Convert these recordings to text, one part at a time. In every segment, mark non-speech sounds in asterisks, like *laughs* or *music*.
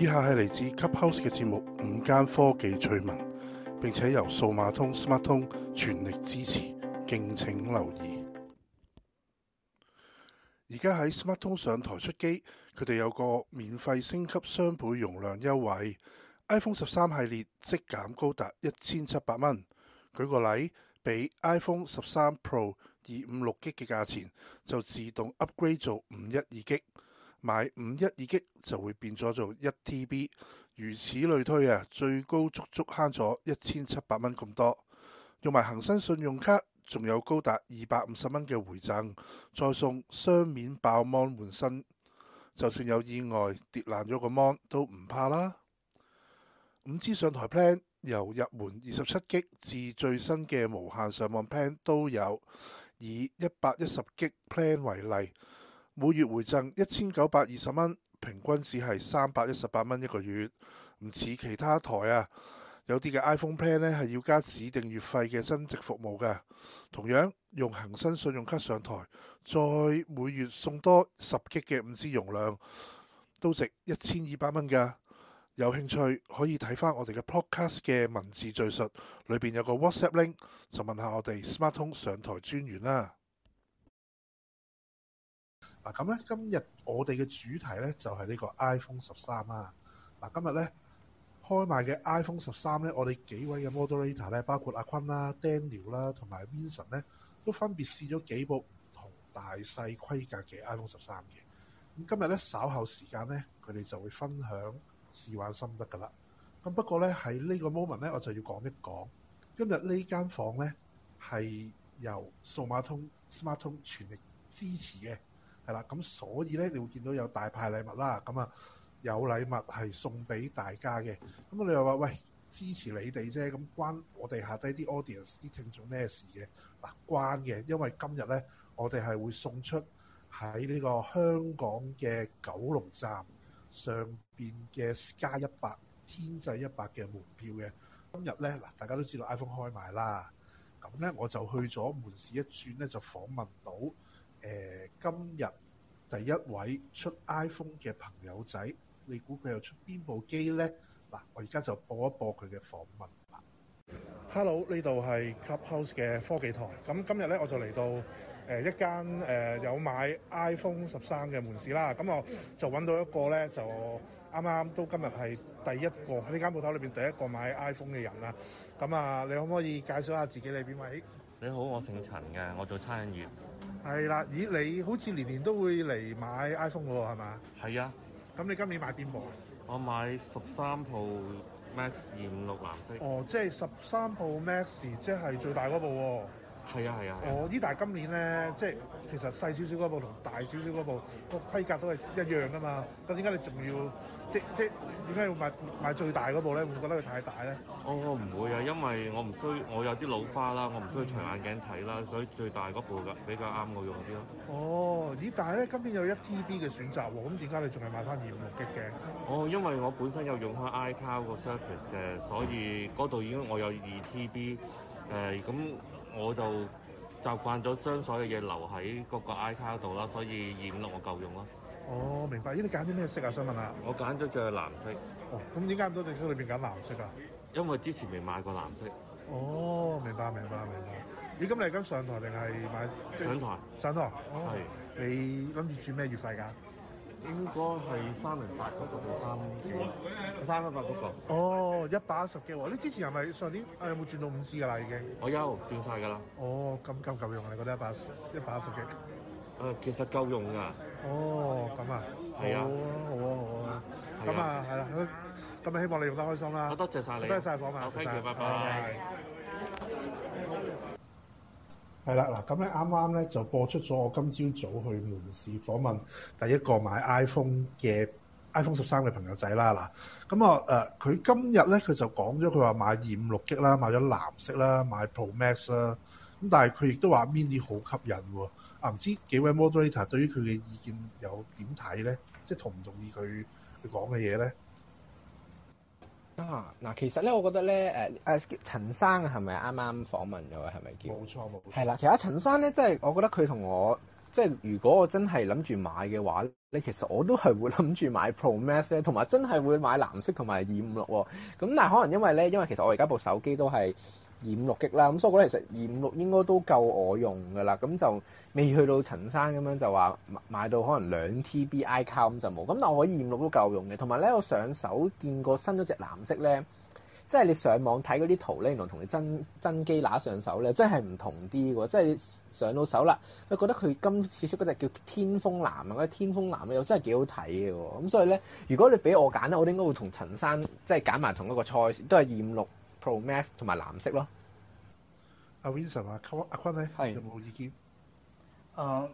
以下係嚟自 c p o u s 嘅節目《五間科技趣聞》，並且由數碼通 Smart 通全力支持，敬請留意。而家喺 Smart 通上台出機，佢哋有個免費升級雙倍容量優惠，iPhone 十三系列即減高達一千七百蚊。舉個例，俾 iPhone 十三 Pro 二五六 G 嘅價錢，就自動 upgrade 做五一二 G。買五一二 G 就會變咗做一 TB，如此類推啊，最高足足慳咗一千七百蚊咁多。用埋恒生信用卡，仲有高達二百五十蚊嘅回贈，再送雙面爆芒換新，就算有意外跌爛咗個芒，都唔怕啦。5G 上台 plan 由入門二十七 G 至最新嘅無限上網 plan 都有，以一百一十 G plan 為例。每月回贈一千九百二十蚊，平均只係三百一十八蚊一個月，唔似其他台啊，有啲嘅 iPhone Plan 咧係要加指定月費嘅增值服務嘅。同樣用恒生信用卡上台，再每月送多十 G 嘅 5G 容量，都值一千二百蚊噶。有興趣可以睇翻我哋嘅 Podcast 嘅文字敘述，裏邊有個 WhatsApp link，就問下我哋 SmarTone 上台專員啦。咁咧，今日我哋嘅主題咧就係呢個 iPhone 十三啦。嗱，今日咧開賣嘅 iPhone 十三咧，我哋幾位嘅 moderator 咧，包括阿坤啦、Daniel 啦，同埋 Vinson 咧，都分別試咗幾部唔同大細規格嘅 iPhone 十三嘅。咁今日咧稍後時間咧，佢哋就會分享試玩心得噶啦。咁不過咧喺呢個 moment 咧，我就要講一講，今日呢間房咧係由數碼通 SmarTone 全力支持嘅。係啦，咁所以咧，你會見到有大派禮物啦，咁啊有禮物係送俾大家嘅。咁啊，你又話喂，支持你哋啫，咁關我哋下低啲 audience 啲聽眾咩事嘅？嗱、啊，關嘅，因為今日咧，我哋係會送出喺呢個香港嘅九龍站上邊嘅 Sky 100天際一百嘅門票嘅。今日咧，嗱，大家都知道 iPhone 開賣啦，咁咧我就去咗門市一轉咧，就訪問到。誒、呃，今日第一位出 iPhone 嘅朋友仔，你估佢又出邊部機咧？嗱，我而家就播一播佢嘅訪問啦。Hello，呢度係 Clubhouse 嘅科技台。咁今日咧，我就嚟到誒、呃、一間誒、呃、有買 iPhone 十三嘅門市啦。咁我就揾到一個咧，就啱啱都今日係第一個喺呢間鋪頭裏邊第一個買 iPhone 嘅人啦。咁啊，你可唔可以介紹下自己係邊位？你好，我姓陳嘅，我做餐飲業。係啦，咦，你好似年年都會嚟買 iPhone 嘅喎，係嘛？係啊。咁你今年買邊部啊？我買十三 Pro Max 二五六藍色。哦，即係十三 Pro Max，即係最大嗰部喎。係啊，係啊！我呢但係今年咧，即係其實細少少嗰部同大少少嗰部個規格都係一樣噶嘛。咁點解你仲要即即點解要買買最大嗰部咧？會唔會覺得佢太大咧？哦。我唔會啊，因為我唔需要，我有啲老花啦，我唔需要長眼鏡睇啦，所以最大嗰部噶比較啱我用啲咯。哦，咦！但係咧今年有一 T B 嘅選擇喎，咁點解你仲係買翻二五六吉嘅？哦，因為我本身有用開 iCloud 個 service 嘅，所以嗰度已經我有二 T B 咁、呃。我就習慣咗將所有嘢留喺嗰個 I 卡度啦，所以二五六我夠用啦。哦，明白。咦、啊，你揀啲咩色啊？想問下。我揀咗就係藍色。哦，咁點解唔多隻色裏面揀藍色啊？因為之前未買過藍色。哦，明白，明白，明白。咦，你今日嚟緊上台定係買？上台。上台？哦，係。你諗住轉咩月費㗎？應該係三零八嗰個三五三零八。哦，一百一十幾喎！你之前係咪上年？啊，有冇轉到 5G 㗎啦？已經。我有轉晒㗎啦。哦，咁夠唔夠用啊？你覺得一百一十一百一十幾？啊，其實夠用㗎。哦，咁啊。係啊、哦。好啊，好啊，好啊。咁啊，係啦。咁咪希望你用得開心啦、啊。好多謝晒你，多謝訪問，多謝。拜拜。拜拜拜拜。係啦，嗱咁咧啱啱咧就播出咗我今朝早，早去門市訪問第一個買 iPhone 嘅 iPhone 十三嘅朋友仔啦，嗱咁啊誒佢今日咧佢就講咗佢話買二五六 G 啦，買咗藍色啦，買 Pro Max 啦，咁但係佢亦都話 mini 好吸引喎，啊唔知幾位 Moderator 對於佢嘅意見有點睇咧，即係同唔同意佢講嘅嘢咧？嗱、啊，其實咧，我覺得咧，誒、呃、誒，陳生係咪啱啱訪問咗？係咪叫？冇錯，冇錯。係啦，其實陳生咧，即係我覺得佢同我，即係如果我真係諗住買嘅話咧，其實我都係會諗住買 Pro Max 咧，同埋真係會買藍色同埋二五六喎。咁但係可能因為咧，因為其實我而家部手機都係。二五六激啦，咁所以我覺得其實二五六應該都夠我用嘅啦，咁就未去到陳生咁樣就話買到可能兩 TB iCloud 就冇，咁但我二五六都夠用嘅。同埋咧，我上手見過新咗隻藍色咧，即係你上網睇嗰啲圖咧，原來同同你真真機拿上手咧，真係唔同啲喎，即係上到手啦，我覺得佢今次出嗰隻叫天峰藍啊，嗰啲天峰藍啊，又真係幾好睇嘅喎。咁所以咧，如果你俾我揀咧，我應該會同陳生即係揀埋同一個賽，都係二五六。Pro Max 同埋藍色咯。阿 Vinson，阿坤，阿坤咧，有冇意見？誒、uh, 誒、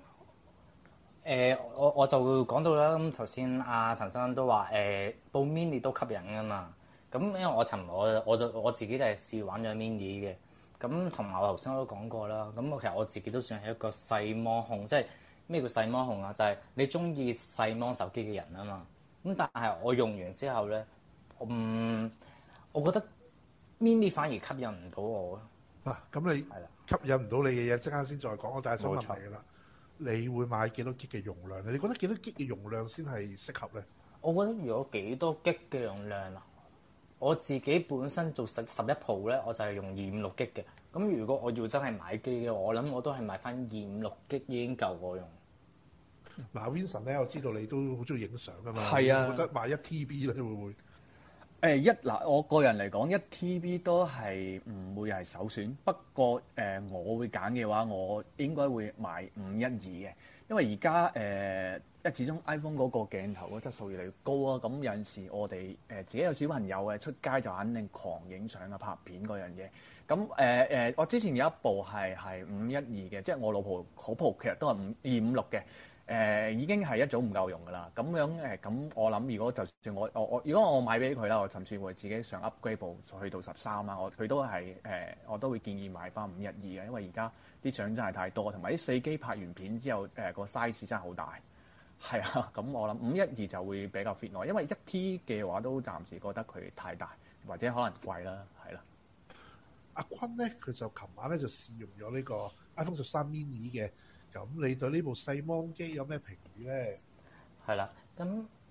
呃，我我就講到啦。咁頭、啊、先，阿陳生都話誒，部、呃、mini 都吸引噶嘛。咁因為我尋日我我就我自己就係試玩咗 mini 嘅。咁同埋我頭先都講過啦。咁其實我自己都算係一個細芒控，即係咩叫細芒控啊？就係、是、你中意細芒手機嘅人啊嘛。咁但係我用完之後咧，嗯，我覺得。mini 反而吸引唔到我啊！嗱，咁你吸引唔到你嘅嘢，即刻先再講。我帶咗問題啦。你會買幾多 G 嘅容量？你覺得幾多 G 嘅容量先係適合咧？我覺得如果幾多 G 嘅容量啊？我自己本身做十十一 Pro 咧，我就係用二五六 G 嘅。咁如果我要真係買機嘅，我諗我都係買翻二五六 G 已經夠我用。嗱、嗯啊，Vincent 咧，我知道你都好中意影相噶嘛？係啊，覺得買一 TB 咧會唔會？誒一嗱，我個人嚟講，一 TB 都係唔會係首選。不過誒、呃，我會揀嘅話，我應該會買五一二嘅。因為而家誒，一、呃、始終 iPhone 嗰個鏡頭嘅質素越嚟越高啊。咁有陣時候我哋誒、呃、自己有小朋友誒出街就肯定狂影相啊、拍片嗰樣嘢。咁誒誒，我之前有一部係係五一二嘅，即係我老婆嗰部機都係五、二五六嘅。誒、呃、已經係一早唔夠用㗎啦，咁樣誒咁我諗，如果就算我我我如果我買俾佢啦，我甚至會自己上 upgrade 部去到十三啊，我佢都係誒、呃，我都會建議買翻五一二嘅，因為而家啲相真係太多，同埋啲四機拍完片之後誒個 size 真係好大。係啊，咁我諗五一二就會比較 fit 我，因為一 T 嘅話都暫時覺得佢太大或者可能貴啦，係啦、啊。阿坤咧，佢就琴晚咧就試用咗呢個 iPhone 十三 mini 嘅。咁你對呢部細芒機有咩評語咧？係啦，咁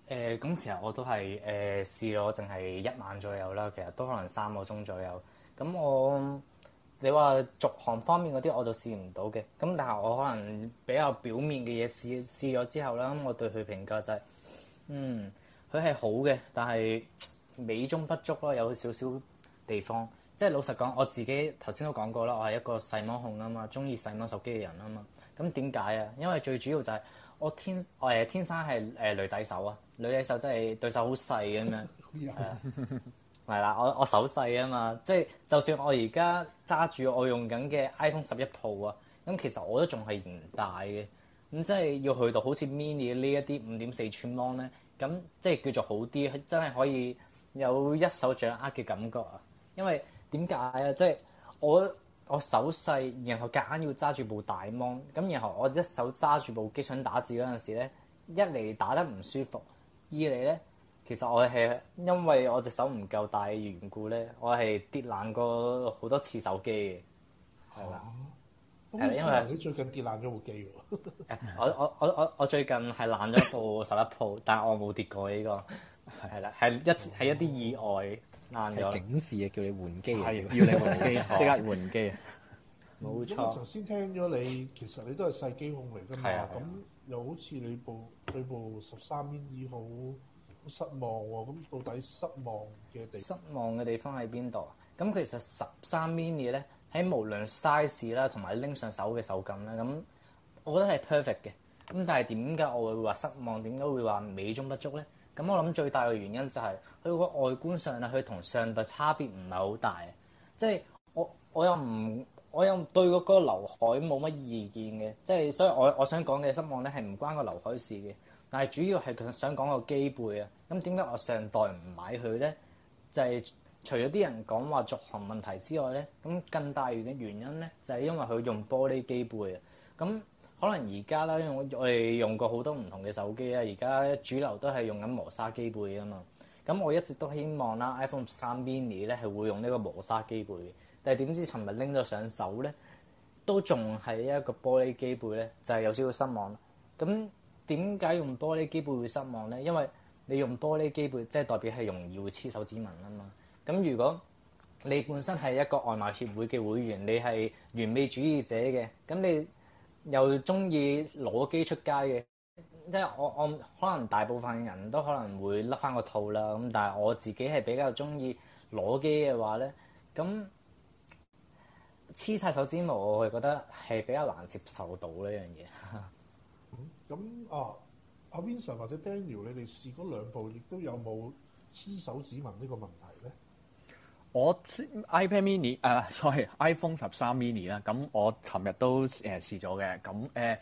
誒咁其實我都係誒、呃、試咗，淨係一晚左右啦。其實都可能三個鐘左右。咁我你話續航方面嗰啲，我就試唔到嘅。咁但係我可能比較表面嘅嘢試試咗之後啦，咁我對佢評價就係、是，嗯，佢係好嘅，但係美中不足咯，有少少地方。即、就、係、是、老實講，我自己頭先都講過啦，我係一個細芒控啊嘛，鍾意細芒手機嘅人啊嘛。咁點解啊？因為最主要就係我天，我天生係女仔手啊，女仔手，手真係對手好細咁樣，係、 *laughs* uh，啦，我我手細啊嘛，即係就算我而家揸住我用緊嘅 iPhone 十一 Pro 啊，咁其實我都仲係唔大嘅，咁即係要去到好似 mini 呢一啲五點四寸芒咧，咁即係叫做好啲，真係可以有一手掌握嘅感覺啊！因為點解啊？即係我。我手細，然後夾硬,硬要揸住部大 m o 咁然後我一手揸住部機想打字嗰陣時咧，一嚟打得唔舒服，二嚟咧，其實我係因為我隻手唔夠大嘅緣故咧，我係跌爛過好多次手機嘅，係啦，係、啊、因為你最近跌爛咗部機 *laughs* 我，我我我我我最近係爛咗部十一 pro，但係我冇跌過呢、這個，係啦，係一係一啲意外。係警示啊！叫你換機啊！要你換機，即 *laughs* 刻換機啊！冇錯。咁我頭先聽咗你，其實你都係細機控嚟噶嘛？係啊。咁又好似你部對部十三 mini 好失望喎？咁到底失望嘅地方？失望嘅地方喺邊度啊？咁其實十三 mini 咧，喺無論 size 啦，同埋拎上手嘅手感咧，咁我覺得係 perfect 嘅。咁但係點解我會話失望？點解會話美中不足咧？咁我諗最大嘅原因就係佢個外觀上啊，佢同上代差別唔係好大，即係我我又唔我又對嗰個劉海冇乜意見嘅。即係所以我我想講嘅失望咧係唔關個劉海事嘅，但係主要係佢想講個機背啊。咁點解我上代唔買佢咧？就係除咗啲人講話續航問題之外咧，咁更大嘅原因咧就係因為佢用玻璃機背啊。咁可能而家咧，因為我我哋用過好多唔同嘅手機啊，而家主流都係用緊磨砂機背啊嘛。咁我一直都希望啦，iPhone 13 mini 咧係會用呢個磨砂機背嘅，但係點知尋日拎咗上手咧，都仲係一個玻璃機背咧，就係有少少失望。咁點解用玻璃機背會失望咧？因為你用玻璃機背，即係代表係容易會黐手指紋啊嘛。咁如果你本身係一個外貌協會嘅會員，你係完美主義者嘅，咁你，又中意攞機出街嘅，即係我我可能大部分人都可能會甩翻個套啦，咁但係我自己係比較中意攞機嘅話咧，咁黐晒手指模，我係覺得係比較難接受到呢樣嘢。咁啊，阿 Vincent 或者 Daniel，你哋試嗰兩部，亦都有冇黐手指紋呢個問題咧？我 iPad mini 誒、啊、sorry iPhone 十三 mini 啦。咁我琴日都誒試咗嘅。咁、呃、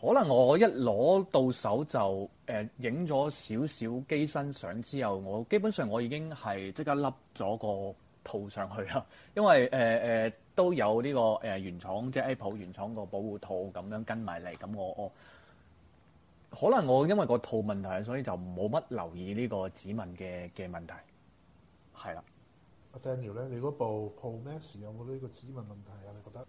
誒可能我一攞到手就誒影咗少少機身相之後，我基本上我已經係即刻笠咗個套上去啦。因為誒誒、呃呃、都有呢個誒原廠即係 Apple 原廠個保護套咁樣跟埋嚟。咁我我可能我因為個套問題，所以就冇乜留意呢個指紋嘅嘅問題。係啦。Daniel 咧，你嗰部 Pro Max 有冇呢個指紋問題啊？你覺得？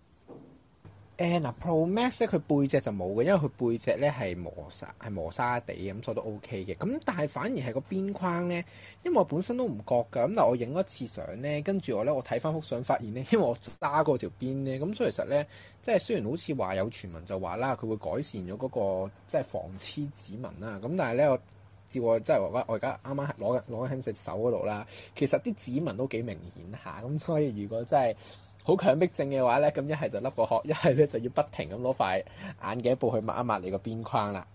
誒、uh, 嗱，Pro Max 咧，佢背脊就冇嘅，因為佢背脊咧係磨砂係磨砂地嘅，咁所以都 OK 嘅。咁但係反而係個邊框咧，因為我本身都唔覺㗎。咁但係我影咗一次相咧，跟住我咧，我睇翻幅相發現咧，因為我揸過條邊咧，咁所以其實咧，即係雖然好似話有傳聞就話啦，佢會改善咗嗰、嗰個即係防黐指紋啦。咁但係咧我。至我即係我而家啱啱攞緊攞緊隻手嗰度啦，其實啲指紋都幾明顯下，咁所以如果真係好強迫症嘅話咧，咁一係就甩個殼，一係咧就要不，就要不，就不停咁攞塊眼鏡布去抹一抹你個邊框啦。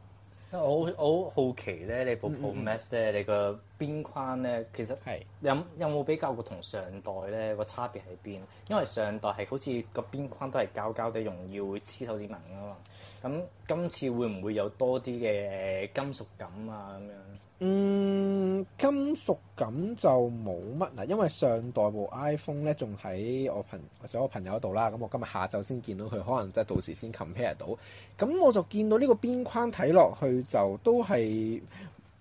我我好好奇咧，你部 Pro Max 咧、嗯，你個邊框咧，其實有有冇比較過同上代咧個差別喺邊？因為上代係好似個邊框都係膠膠地，容易會黐手指紋啊嘛。咁今次會唔會有多啲嘅金屬感啊？咁樣。嗯，金屬感就冇乜嗱，因為上代部 iPhone 咧仲喺我朋，我左我朋友嗰度啦，咁我，我今日下晝先見到佢，可能即係到時先 compare 到。咁我就見到呢個邊框睇落去就都係誒、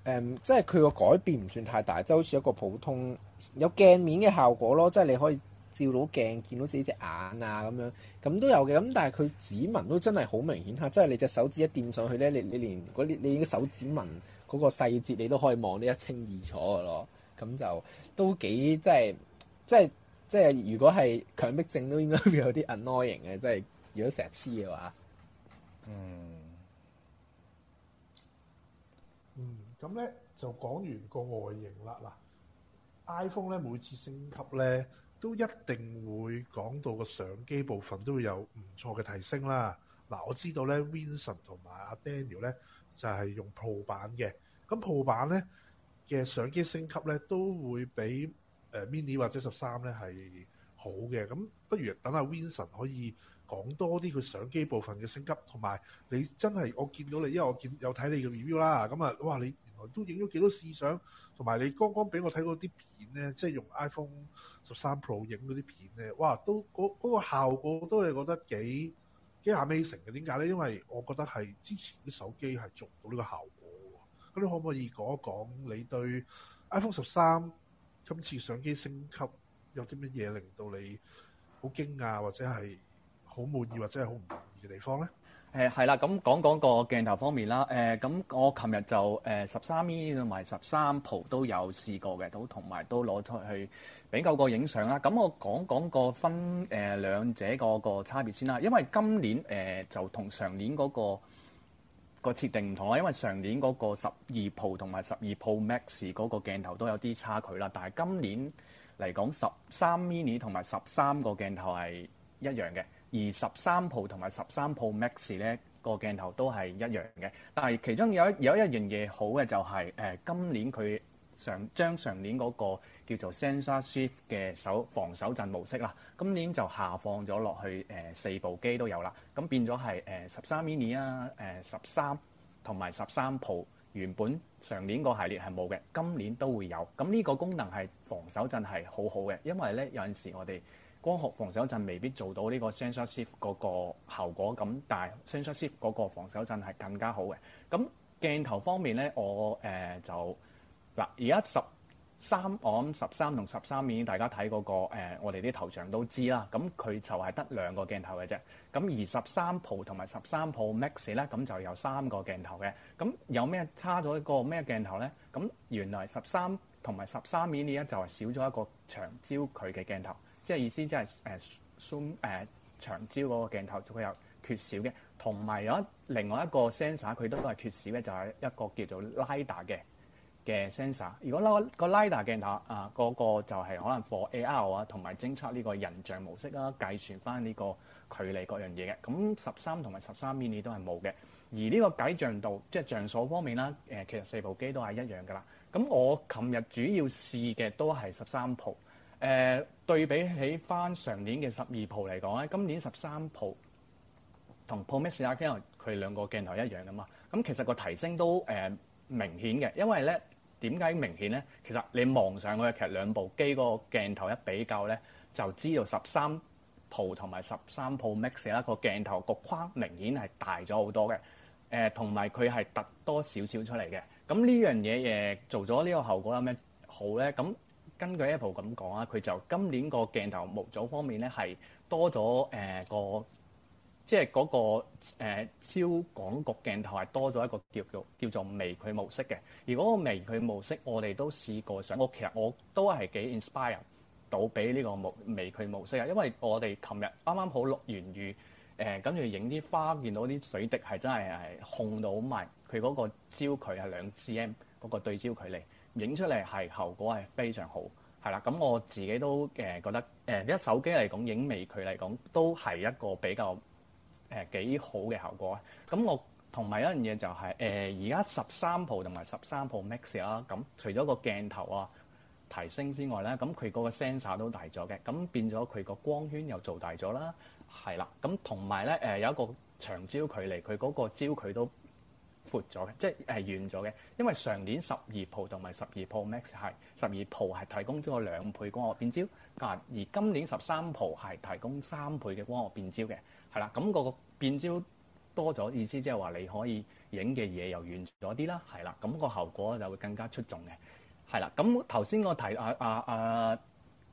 嗯、即係佢個改變，唔算太大，即係好似一個普通有鏡面嘅效果咯，即係你可以。照到鏡見到自己隻眼啊咁樣，咁都有嘅。咁但係佢指紋都真係好明顯吓，即係你隻手指一掂上去咧，你你連嗰你你嘅手指紋嗰個細節你都可以望得一清二楚㗎咯。咁就都幾即係即係即係，如果係強迫症都應該會有啲 annoying 嘅。即係如果成日黐嘅話，嗯嗯，咁咧就講完個外形啦。嗱，iPhone 咧每次升級咧。都一定會講到個相機部分都會有唔錯嘅提升啦。嗱、啊，我知道咧 Vincent 同埋阿 Daniel 咧就係、是、用 Pro 版嘅，咁 Pro 版咧嘅相機升級咧都會比誒 Mini 或者十三咧係好嘅。咁不如等阿 Vincent 可以講多啲佢相機部分嘅升級，同埋你真係我見到你，因為我見有睇你嘅 review 啦。咁啊，哇你～都影咗幾多試相，同埋你剛剛俾我睇嗰啲片咧，即係用 iPhone 十三 Pro 影嗰啲片咧，哇！都、嗰、嗰個、效果都係覺得幾幾 Amazing 嘅。點解咧？因為我覺得係之前啲手機係做唔到呢個效果。咁你可唔可以講一講你對 iPhone 十三今次相機升級有啲乜嘢令到你好驚訝或者係好滿意，或者係好唔滿意嘅地方咧？誒係啦，咁講講個鏡頭方面啦。誒、嗯、咁，我琴日就誒十三 mini 同埋十三 Pro 都有試過嘅，都同埋都攞出去比較個影相啦。咁、嗯、我講講個分誒、呃、兩者個個差別先啦。因為今年誒、呃、就同上年嗰、那個個設定唔同啦。因為上年嗰個十二 Pro 同埋十二 Pro Max 嗰個鏡頭都有啲差距啦，但係今年嚟講十三 mini 同埋十三個鏡頭係一樣嘅。而十三 Pro 同埋十三 Pro Max 咧、個鏡頭都係一樣嘅，但係其中有一有一樣嘢好嘅就係、是、誒、呃、今年佢上將上年嗰個叫做 Sensor Shift 嘅手防手震模式啦，今年就下放咗落去誒、呃、四部機都有啦，咁變咗係誒十三 Mini 啊誒十三同埋十三 Pro 原本上年個系列係冇嘅，今年都會有，咁呢個功能係防手震係好好嘅，因為咧有陣時我哋。光學防手震未必做到呢個 sensor shift 嗰個效果咁，但係 sensor shift 嗰個防手震係更加好嘅。咁鏡頭方面咧，我、呃、就嗱而家十三我諗十三同十三 mini，大家睇嗰、嗰個、呃、我哋啲頭像都知啦。咁佢就係得兩個鏡頭嘅啫。咁而十三 pro 同埋十三 pro max 咧，咁就有三個鏡頭嘅。咁有咩差咗一、個咩鏡頭咧？咁原來十三同埋十三 mini 呢，咧就係少咗一個長焦距嘅鏡頭。即係意思即係 Zoom，誒，長焦嗰個鏡頭佢有缺少嘅，同埋有另外一個 sensor 佢都都係缺少嘅，就係、是、一個叫做 Lidar 嘅嘅 sensor。如果嗰個 Lidar 鏡頭啊，嗰個，個就係可能 for AR 啊，同埋偵測呢個人像模式啦，計、啊、算翻呢個距離各樣嘢嘅。咁十三同埋十三 mini 都係冇嘅，而呢個解像度即係像素方面啦，誒、呃、其實四部機都係一樣噶啦。咁我琴日主要試嘅都係十三 Pro。誒、呃、對比起翻上年嘅十二 Pro 嚟講咧，今年十三 Pro 同 Pro Max 啊，佢兩個鏡頭一樣噶嘛，咁其實個提升都、呃、明顯嘅，因為咧點解明顯咧？其實你望上去，其實兩部機個鏡頭一比較咧，就知道十三 Pro 同埋十三 Pro Max 一個鏡頭個框明顯係大咗好多嘅，同埋佢係凸多少少出嚟嘅。咁呢樣嘢做咗呢個效果有咩好咧？咁、嗯根據 Apple 咁講，佢就今年個鏡頭模組方面咧，係多咗誒個，即係嗰、嗰個焦、呃、廣角鏡頭係多咗一個叫做叫做微距模式嘅。而嗰個微距模式，我哋都試過上，我其實我都係幾 inspire 到俾呢個微微距模式啊，因為我哋琴日啱啱好落完雨，誒跟住影啲花，見到啲水滴係真係係控到埋佢嗰個焦距係兩 cm 嗰個對焦距離。影出嚟係效果係非常好，係啦。咁我自己都誒、呃、覺得誒、呃、一手機嚟講影微距嚟講都係一個比較誒幾、呃、好嘅效果。咁我同埋一樣嘢就係誒而家十三 Pro 同埋十三 Pro Max 啦。咁、呃啊、除咗個鏡頭啊提升之外咧，咁佢個 sensor 都大咗嘅，咁變咗佢個光圈又做大咗啦，係啦。咁同埋咧誒有一個長焦距離，佢嗰個焦距都闊咗嘅，即係誒遠咗嘅，因為上年十二 Pro 同埋十二 Pro Max 係十二 Pro 係提供咗個兩倍光學變焦，啊而今年十三 Pro 係提供三倍嘅光學變焦嘅，係啦，咁個變焦多咗，意思即係話你可以影嘅嘢又遠咗啲啦，係啦，咁個效果就會更加出眾嘅，係啦，咁頭先我提啊啊啊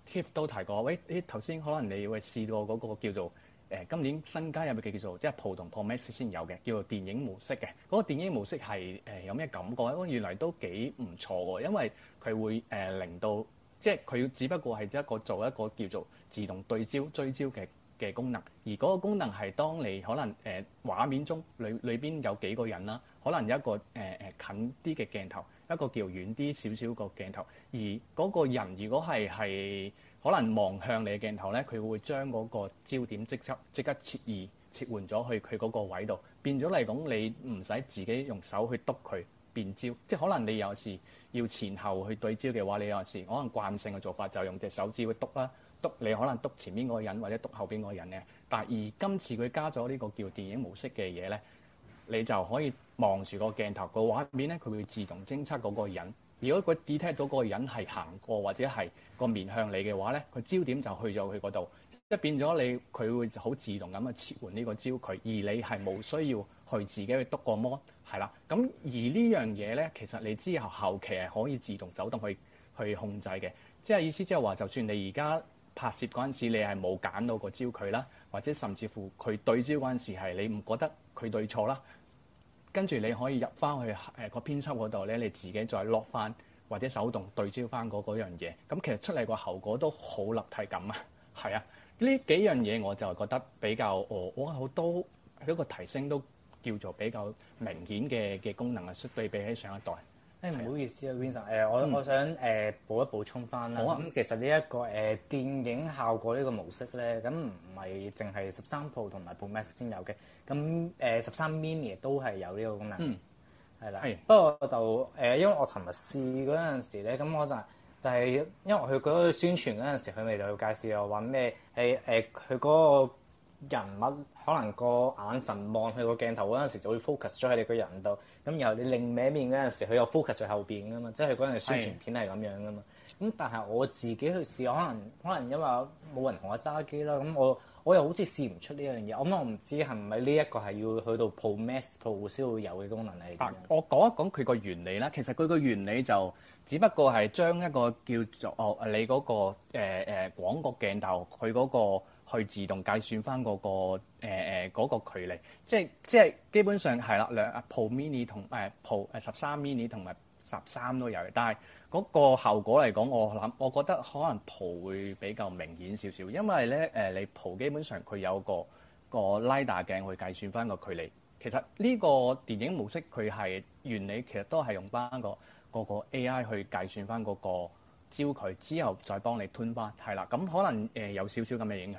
Keith 都提過，喂，啲頭先可能你會試過嗰個叫做。誒今年新加入嘅叫做，即係 Pro 同 Pro Max 先有嘅，叫做電影模式嘅。嗰、那個電影模式係誒、呃、有咩感覺咧？我原來都幾唔錯喎，因為佢會誒、呃、令到，即係佢只不過係一個做一個叫做自動對焦追焦嘅嘅功能。而嗰個功能係當你可能誒畫、呃、面中裏裏邊有幾個人啦，可能有一個誒誒、呃、近啲嘅鏡頭，一個叫遠啲少少個鏡頭，而嗰個人如果係係。是可能望向你嘅鏡頭咧，佢會將嗰個焦點即刻即刻切移、切換咗去佢嗰個位度，變咗嚟講，你唔使自己用手去督佢變焦。即係可能你有時要前後去對焦嘅話，你有時可能慣性嘅做法就用隻手指去督啦，督你可能督前面嗰個人或者督後邊嗰個人嘅。但而今次佢加咗呢個叫電影模式嘅嘢咧，你就可以望住個鏡頭個畫面咧，佢會自動偵測嗰個人。如果佢 detect 到嗰個人係行過或者係個面向你嘅話咧，佢焦點就去咗佢嗰度，即係變咗你佢會好自動咁啊切換呢個焦距，而你係冇需要去自己去篤個芒係啦。咁而呢樣嘢咧，其實你之後後期係可以自動走動去去控制嘅，即係意思即係話，就算你而家拍攝嗰陣時你係冇揀到個焦距啦，或者甚至乎佢對焦嗰陣時係你唔覺得佢對錯啦。跟住你可以入翻去誒個編輯嗰度咧，你自己再落翻或者手動對焦翻嗰嗰樣嘢，咁其實出嚟個效果都好立體感啊，係啊，呢幾樣嘢我就覺得比較哦，我好多一個提升都叫做比較明顯嘅嘅功能啊，對比起上一代。唔好意思啊，Vinson，嗯呃、我我想誒、呃、補一補充翻啦。咁、嗯、其實呢、這、一個、呃、電影效果呢個模式咧，咁唔係淨係十三 Pro 同埋 Pro Max 先有嘅，咁誒十三 Mini 都係有呢個功能。嗯，係啦。不過我就、呃、因為我尋日試嗰陣時咧，咁我就就係、係因為佢嗰度宣傳嗰陣時，佢咪就要介紹話話咩係佢嗰個人物可能個眼神望佢個鏡頭嗰陣時就會 focus 咗喺你個人度。咁然後你另一面嗰陣時，佢有 focus 喺後面噶嘛，即係佢嗰陣時宣傳片係咁樣噶嘛。咁但係我自己去試，可能可能因為冇人同我揸機啦。咁我我又好似試唔出呢樣嘢。咁我唔知係唔係呢一個係要去到 Pro Max Pro 先會有嘅功能嚟、啊。我講一講佢個原理啦。其實佢個原理就只不過係將一個叫做哦你嗰個誒誒廣角鏡頭佢嗰個。呃呃去自動計算翻、那、嗰個誒誒、呃那個、距離，即係即係基本上係啦，兩 Pro Mini 同誒 Pro 十三 Mini 同埋十三都有，嘅，但係嗰個效果嚟講，我諗我覺得可能 Pro 會比較明顯少少，因為咧誒你 Pro 基本上佢有一個一個 LiDAR 鏡去計算翻個距離，其實呢個電影模式佢係原理其實都係用翻、那個、那個 AI 去計算翻、那、嗰個。焦佢之後再幫你吞返係啦，咁可能、呃、有少少咁嘅影響。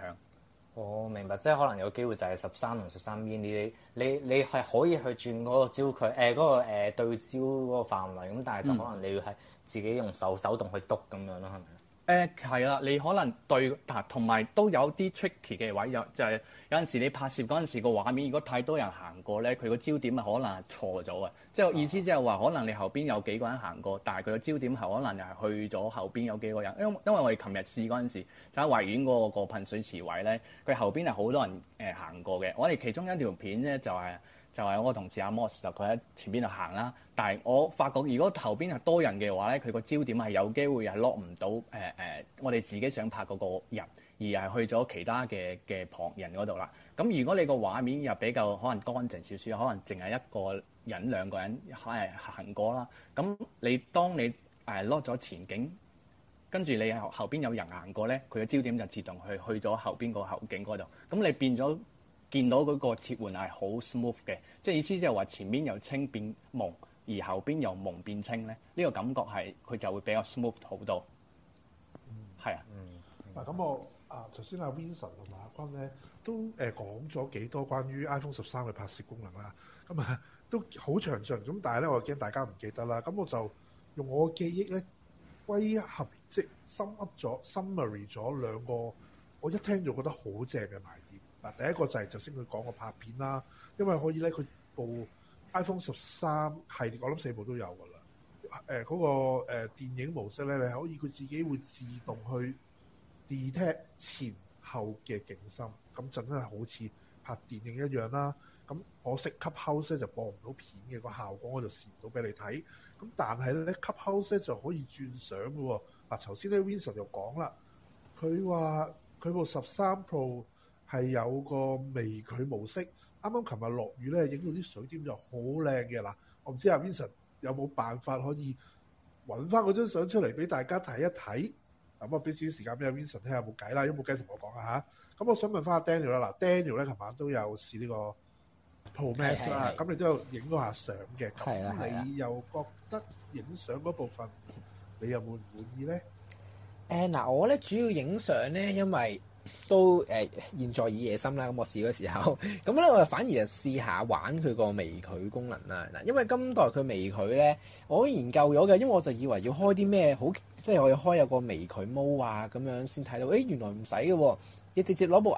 我、哦、明白，即係可能有機會就係十三同十三 mini 呢啲，你你係可以去轉嗰個焦距嗰、呃嗰個、呃、對焦嗰個範圍咁，但係就可能你要係自己用手、嗯、手動去篤咁樣咯，係咪？誒係啦，你可能對，同、啊、埋都有啲 tricky 嘅位，有就係、是、有陣時你拍攝嗰陣時個畫面，如果太多人行過咧，佢個焦點啊可能錯咗嘅。即係意思即係話可能你後邊有幾個人行過，但係佢個焦點係可能又係去咗後邊有幾個人，因因為我哋琴日試嗰陣時，就喺維園嗰個噴水池位咧，佢後邊係好多人、呃、行過嘅，我哋其中一條片咧就係、是。就係、是、我個同事阿、啊、Mos，就佢喺前邊度行啦。但係我發覺，如果後邊係多人嘅話咧，佢個焦點係有機會係 lock 唔到誒誒，我哋自己想拍嗰個人，而係去咗其他嘅嘅旁人嗰度啦。咁如果你個畫面又比較可能乾淨少少，可能淨係一個人、兩個人誒行過啦。咁你當你誒 lock 咗前景，跟住你後後邊有人行過咧，佢嘅焦點就自動去去咗後邊個後景嗰度。咁你變咗。見到嗰個切換係好 smooth 嘅，即係意思即係話前面由清變蒙，而後邊由蒙變清咧，呢、這個感覺係佢就會比較 smooth 好多。係、嗯、啊，嗱咁我啊，頭先阿 Vincent 同埋阿君咧都誒、呃、講咗幾多關於 iPhone 十三嘅拍攝功能啦，咁啊都好詳盡。咁但係咧，我驚大家唔記得啦，咁我就用我嘅記憶咧歸合，即係 summary 咗兩個，我一聽就覺得好正嘅賣。嗱，第一個就係、是、頭先佢講個拍片啦，因為可以咧，佢部 iPhone 十三系列，我諗四部都有㗎啦。誒、呃、嗰、那個誒、呃、電影模式咧，你可以佢自己會自動去 detect 前後嘅景深，咁真係好似拍電影一樣啦。咁我熄吸後聲就播唔到片嘅、那個效果，我就試唔到俾你睇。咁但係咧吸後聲就可以轉相嘅喎。嗱，頭先咧 Vincent 就講啦，佢話佢部十三 Pro。係有個微距模式，啱啱琴日落雨咧，影到啲水點就好靚嘅啦。我唔知阿 Vincent 有冇辦法可以揾翻嗰張相出嚟俾大家睇一睇。咁啊，俾少少時間俾阿 Vincent 睇下有冇計啦，又有冇計同我講下。咁我想問翻阿 Daniel 啦，嗱 Daniel 咧，琴晚都有試呢個 Pro Max 啦，咁你都有影過下相嘅，咁你又覺得影相嗰部分你有冇唔滿意咧？嗱、呃，我咧主要影相咧，因為都誒、呃，現在已夜深啦。咁我試嘅時候，咁咧我就反而就試下玩佢個微距功能啦。嗱，因為今代佢微距咧，我研究咗嘅，因為我就以為要開啲咩好，即係我要開有個微距模啊，咁樣先睇到。誒、欸，原來唔使嘅，你直接攞部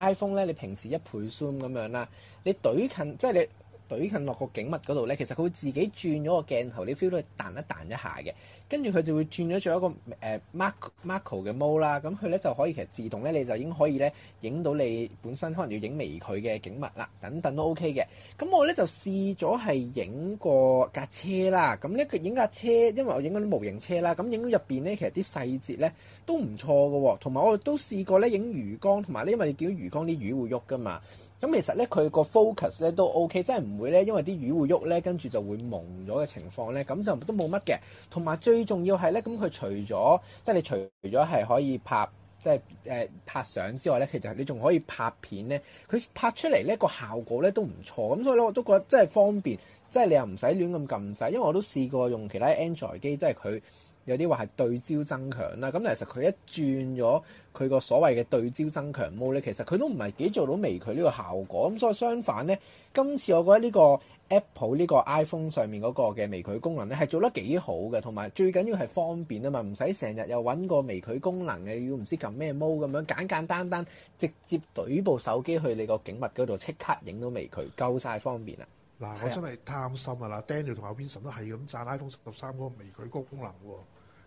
iPhone 咧，你平時一倍 zoom 咁樣啦，你懟近，即係你。懟近落個景物嗰度咧，其實佢會自己轉咗個鏡頭，你 feel 到彈一彈一下嘅，跟住佢就會轉咗咗一個、呃、macro macro 嘅 mode 啦。咁佢咧就可以其實自動咧，你就已經可以咧影到你本身可能要影微距嘅景物啦，等等都 OK 嘅。咁我咧就試咗係影個架車啦。咁咧佢影架車，因為我影緊啲模型車啦。咁影到入面咧，其實啲細節咧都唔錯㗎喎、哦。同埋我都試過咧影魚缸，同埋呢因為你見到魚缸啲魚會喐噶嘛。咁其實咧，佢個 focus 咧都 OK，真係唔會咧，因為啲魚會喐咧，跟住就會蒙咗嘅情況咧，咁就都冇乜嘅。同埋最重要係咧，咁佢除咗即係你除咗係可以拍即係、呃、拍相之外咧，其實你仲可以拍片咧，佢拍出嚟咧個效果咧都唔錯。咁所以咧我都覺得真係方便，即係你又唔使亂咁撳掣，因為我都試過用其他 Android 機，即係佢。有啲話係對焦增強啦，咁其實佢一轉咗佢個所謂嘅對焦增強 mode 咧，其實佢都唔係幾做到微距呢個效果。咁所以相反咧，今次我覺得呢個 Apple 呢個 iPhone 上面嗰個嘅微距功能咧係做得幾好嘅，同埋最緊要係方便啊嘛，唔使成日又揾個微距功能嘅，要唔知撳咩 mode 咁樣，簡簡單單直接懟部手機去你個景物嗰度，即刻影到微距，夠晒方便啊！嗱，我真係貪心啊，啦 Daniel 同阿 Vincent 都係咁讚 iPhone 十三嗰個微距功能喎。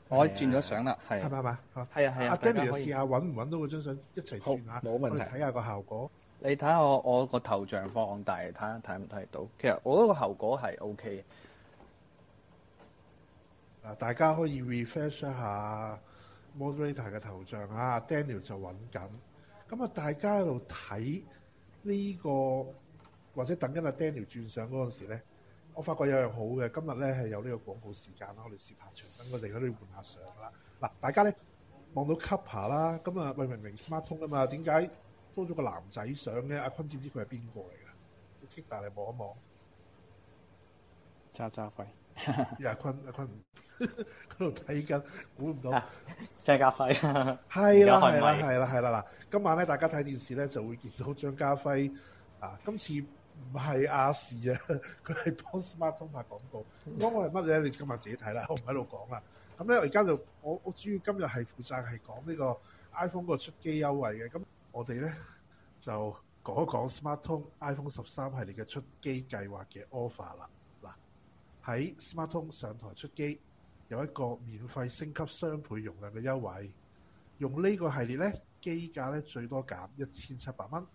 我轉咗相啦，係係咪啊？係啊，係啊，阿 Daniel 試下搵唔搵到嗰張相，一齊轉下，冇問題，睇下個效果。你睇下我，我個頭像放大，睇下睇唔睇到？其實我嗰個效果係 OK 嘅。嗱，大家可以 refresh 一下 Moderator 嘅頭像啊，Daniel 就搵緊。咁啊，大家喺度睇呢個，或者等緊阿 Daniel 轉相嗰陣時咧。我發覺有樣好嘅，今日咧係有呢個廣告時間啦，我哋攝下場，等我哋嗰度換下相啦。嗱，大家咧望到 Cover 啦，咁啊，喂明明，明 Smart 通啊嘛？點解多咗個男仔相嘅？阿坤知唔知佢係邊個嚟㗎？好激大嚟望一望。張家輝，阿坤，阿坤，佢喺度睇緊，估唔到張家輝，係 *laughs* 是啦係 *laughs* 是啦係 *laughs* 是啦係 *laughs* 是啦嗱 *laughs* 是啦， *laughs* 今晚咧大家睇電視咧就會見到張家輝啊，今次。唔係亞視啊，佢 *laughs* 係幫 SmarTone 拍廣告。嗰我係乜嘢？你今日自己睇啦，我唔喺度講啦。咁咧，我而家就我我主要今日係負責係講呢個 iPhone 個出機優惠嘅。咁我哋咧就講一講 SmarTone iPhone 十三系列嘅出機計劃嘅 offer 啦。嗱，喺 SmarTone 上台出機，有一個免費升級雙倍容量嘅優惠。用呢個系列咧，機價咧最多減一千七百蚊。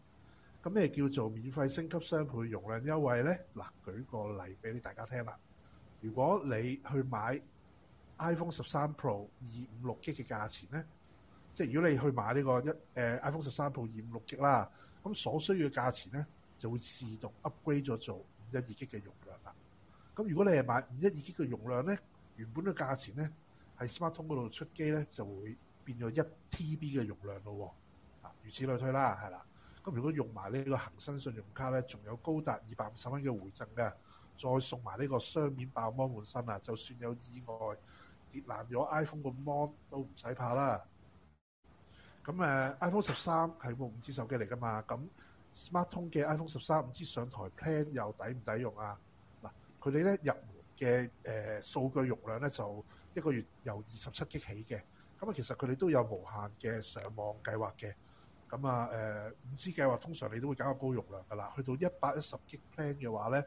咁咩叫做免費升級雙倍容量優惠咧？嗱，舉個例俾你大家聽啦。如果你去買 iPhone 十三 Pro 二五六 G 嘅價錢咧，即係如果你去買呢個一誒 iPhone 十三 Pro 二五六 G 啦，咁所需要嘅價錢咧就會自動 upgrade 咗做五一二 G 嘅容量啦。咁如果你係買五一二 G 嘅容量咧，原本嘅價錢咧喺 SmarTone 嗰度出機咧就會變咗一 TB 嘅容量咯。啊，如此類推啦，係啦。如果用埋呢個恒生信用卡咧，仲有高達二百五十蚊嘅回贈嘅，再送埋呢個雙面爆芒換新啊。就算有意外跌爛咗 iPhone 個芒都唔使怕啦。咁誒、uh，iPhone 十三係部五 G 手機嚟噶嘛？咁 SmarTone 嘅 iPhone 十三唔知上台 plan 又抵唔抵用啊？嗱，佢哋咧入門嘅誒、呃、數據容量咧就一個月由二十七 G 起嘅，咁啊其實佢哋都有無限嘅上網計劃嘅。咁啊，誒、呃、五 G 計劃通常你都會搞個高容量㗎啦。去到一百一十 G plan 嘅話咧，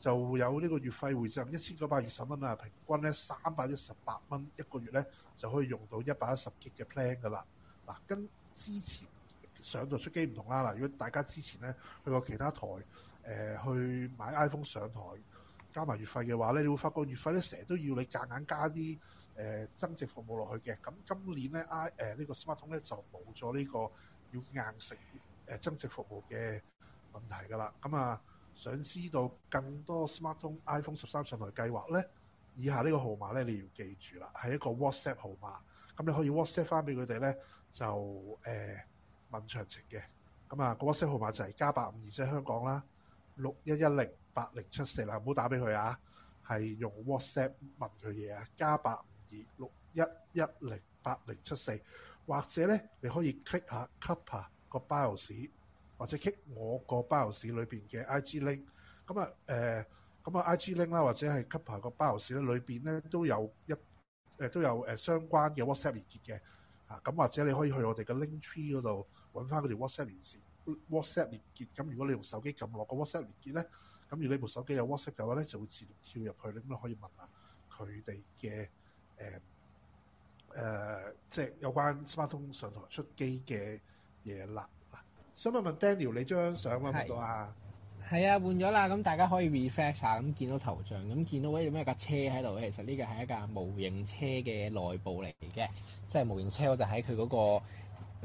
就有呢個月費回贈一千九百二十蚊啊。平均咧三百一十八蚊一個月咧，就可以用到一百一十 G 嘅 plan 㗎啦。嗱、啊，跟之前上台出機唔同啦。嗱，如果大家之前咧去過其他台、呃、去買 iPhone 上台加埋月費嘅話咧，你會發覺月費咧成日都要你夾硬加啲、呃、增值服務落去嘅。咁今年咧，I 呢、呃這個 SmarTone 咧就冇咗呢個。要硬食誒增值服務嘅問題㗎啦，咁啊想知道更多 SmarTone iPhone 十三上台計劃咧，以下呢個號碼咧你要記住啦，係一個 WhatsApp 號碼，咁你可以 WhatsApp 翻俾佢哋咧，就誒問詳情嘅，咁啊個 WhatsApp 號碼就係加八五二即係香港啦，六一一零八零七四啦，唔好打俾佢啊，係用 WhatsApp 問佢嘢啊，加八五二六一一零八零七四。或者咧，你可以 click 下 couper 個 BIOS 或者 click 我個 BIOS 裏邊嘅 IG link。咁、呃、啊，咁啊 IG link 啦，或者係 couper 個 BIOS 咧，裏邊咧都有一誒都有誒相關嘅 WhatsApp 連結嘅。啊，咁或者你可以去我哋嘅 link tree 度揾翻嗰條 WhatsApp 連線、WhatsApp 連結，咁如果你用手機撳落個 WhatsApp 連結咧，咁如果你部手機有 WhatsApp 嘅話咧，就會自動跳入去，咁都可以問下佢哋嘅誒。呃誒、呃，即係有關 SmarTone 上台出機嘅嘢啦。嗱，想問問 Daniel，你張相有冇到啊？係啊，換咗啦。咁大家可以 refresh 下，咁見到頭像，咁見到喂，有咩架車喺度咧？其實呢個係一架模型車嘅內部嚟嘅，即係模型車，我就喺佢嗰個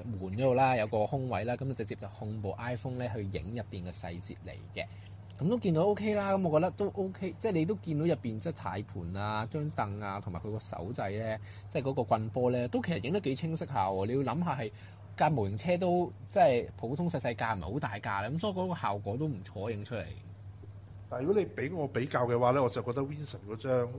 門嗰度啦，有個空位啦，咁就直接就控部 iPhone 咧去影入邊嘅細節嚟嘅。咁都見到 OK 啦，咁我覺得都 OK，即係你都見到入邊、啊啊，即係台盤啊、張凳啊，同埋佢個手掣咧，即係嗰個棍波咧，都其實影得幾清晰下喎。你要諗下係架模型車都即係普通細細架，唔係好大架咧，咁所以嗰個效果都唔錯，影出嚟。但係如果你俾我比較嘅話咧，我就覺得 Vincent 嗰張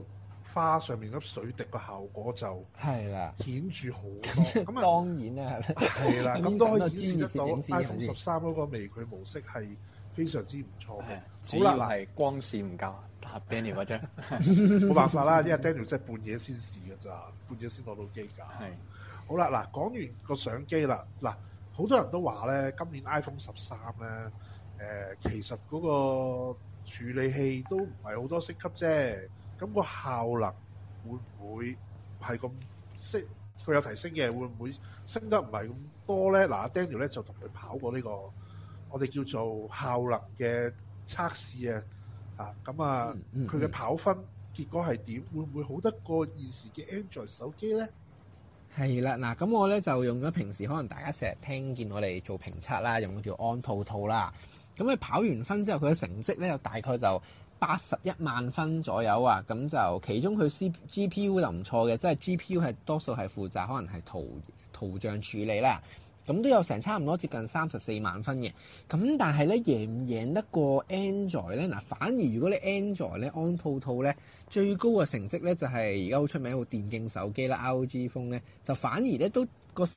花上面粒水滴嘅效果就係啦，顯著好多，咁啊，當然咧，係啦，咁 *laughs* 都可以展示 iPhone 十三嗰個微距模式係。非常之唔錯嘅，主要係光線唔夠。 *laughs* Daniel 嗰那張冇 *laughs* 辦法啦，因為 Daniel 真係半夜先試㗎咋，半夜先攞到機㗎。係，好啦，嗱，講完個相機啦，嗱，好多人都話咧，今年 iPhone 十三咧，誒、呃，其實嗰個處理器都唔係好多升級啫。咁、那個效能會唔會係咁升？佢有提升嘅，會唔會升得唔係咁多咧？嗱，Daniel 咧就同佢跑過呢、這個。我哋叫做效能嘅測試啊，啊咁啊，佢嘅跑分結果係點？會唔會好得過現時嘅 Android 手機咧？係啦，嗱，咁我咧就用咗平時可能大家成日聽見我哋做評測啦，用嗰條安兔兔啦。咁佢跑完分之後，佢嘅成績咧又大概就八十一萬分左右啊。咁就其中佢 C G P U 就唔錯嘅，即係 G P U 係多數係負責可能係圖圖像處理啦。咁都有成差唔多接近三十四萬分嘅，咁但係咧贏唔贏得過 Android 咧？嗱，反而如果你 Android 咧，安兔兔咧最高嘅成績咧就係而家好出名嘅部電競手機啦 ROG 風咧就反而咧都個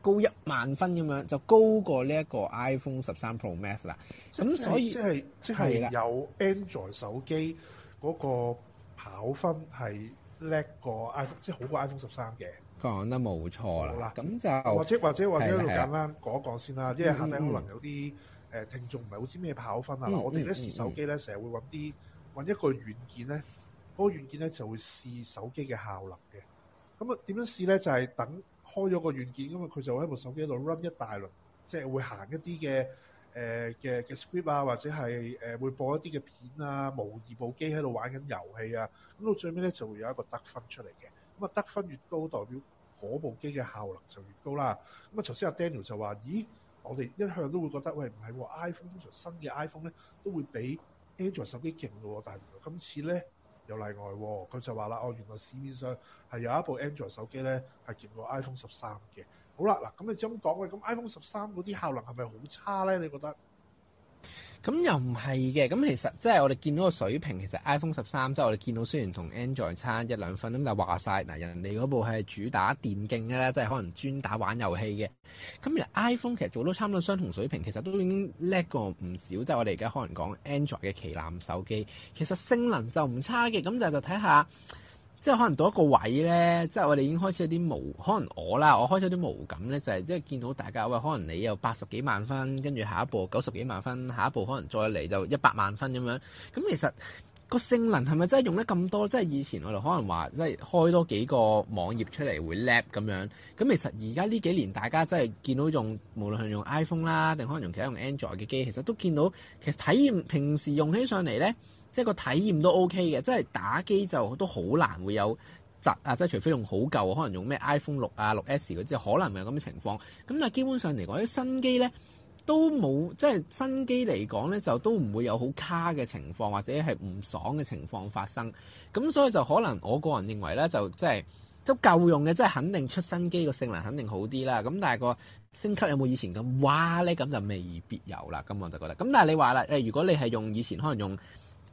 高一萬分咁樣，就高過呢一個 iPhone 十三 Pro Max 啦。咁所以即係即係有 Android 手機嗰個跑分係叻過 iPhone，即係好過 iPhone 十三嘅。講得冇錯啦，咁就或者或者或者喺度簡單講一講先啦、嗯，因為下面可能有啲誒、嗯呃、聽眾唔係好知咩跑分啊、嗯。我哋咧試手機咧，成、嗯、日會揾啲揾一個軟件咧，嗰、那個軟件咧就會試手機嘅效能嘅。咁啊點樣試咧？就係、是、等開咗個軟件，咁啊佢就喺部手機度 run 一大輪，即、就、係、是、會行一啲嘅誒嘅嘅 script 啊，或者係誒、呃、會播一啲嘅片啊，模擬部機喺度玩緊遊戲啊。咁到最尾咧就會有一個得分出嚟嘅。咁啊，得分越高，代表嗰部機嘅效能就越高啦。咁啊，頭先阿 Daniel 就話，咦，我哋一向都會覺得，喂，唔係，iPhone 通常新嘅 iPhone 咧，都會比 Android 手機勁嘅喎。但係原來今次咧有例外，佢就話啦，哦，原來市面上係有一部 Android 手機咧，係勁過 iPhone 十三嘅。好啦，嗱，咁你咁講嘅，咁 iPhone 十三嗰啲效能係咪好差咧？你覺得？咁又唔係嘅，咁其實即係我哋見到個水平，其實 iPhone 十三即係我哋見到雖然同 Android 差一兩分，咁但係話晒嗱，人哋嗰部係主打電競嘅咧，即係可能專打玩遊戲嘅，咁而 iPhone 其實做到差唔多相同水平，其實都已經叻過唔少，即係我哋而家可能講 Android 嘅旗艦手機，其實性能就唔差嘅，咁就睇下。即係可能到一個位咧，即係我哋已經開始有啲無可能我啦，我開始有啲無感咧，就係即係見到大家喂，可能你有八十幾萬分，跟住下一步九十幾萬分，下一步可能再嚟就一百萬分咁樣，咁其實。個性能係咪真係用得咁多？即係以前我哋可能話即係開多幾個網頁出嚟會 lag 咁樣。咁其實而家呢幾年大家真係見到用，無論係用 iPhone 啦，定可能用其他用 Android 嘅機，其實都見到其實體驗平時用起上嚟呢，即係個體驗都 OK 嘅。即係打機就都好難會有窒啊！即係除非用好舊，可能用咩 iPhone 六啊、六 S 嗰啲，可能會有咁嘅情況。咁但係基本上嚟講，啲新機呢。都冇，即係新機嚟講呢，就都唔會有好卡嘅情況或者係唔爽嘅情況發生。咁所以就可能我個人認為呢，就即係都夠用嘅，即係肯定出新機個性能肯定好啲啦。咁但係個升級有冇以前咁哇呢？咁就未必有啦。咁我就覺得。咁但係你話啦，誒，如果你係用以前可能用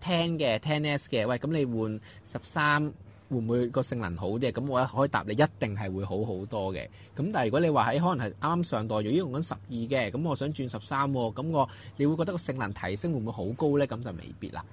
X 嘅 X S 嘅，喂，咁你換十三。會唔會個性能好啲？咁我一可以答你，一定係會好好多嘅。咁但係如果你話喺、欸、可能係啱啱上代如果用緊十二嘅，咁我想轉十三喎，咁我你會覺得個性能提升會唔會好高咧？咁就未必啦。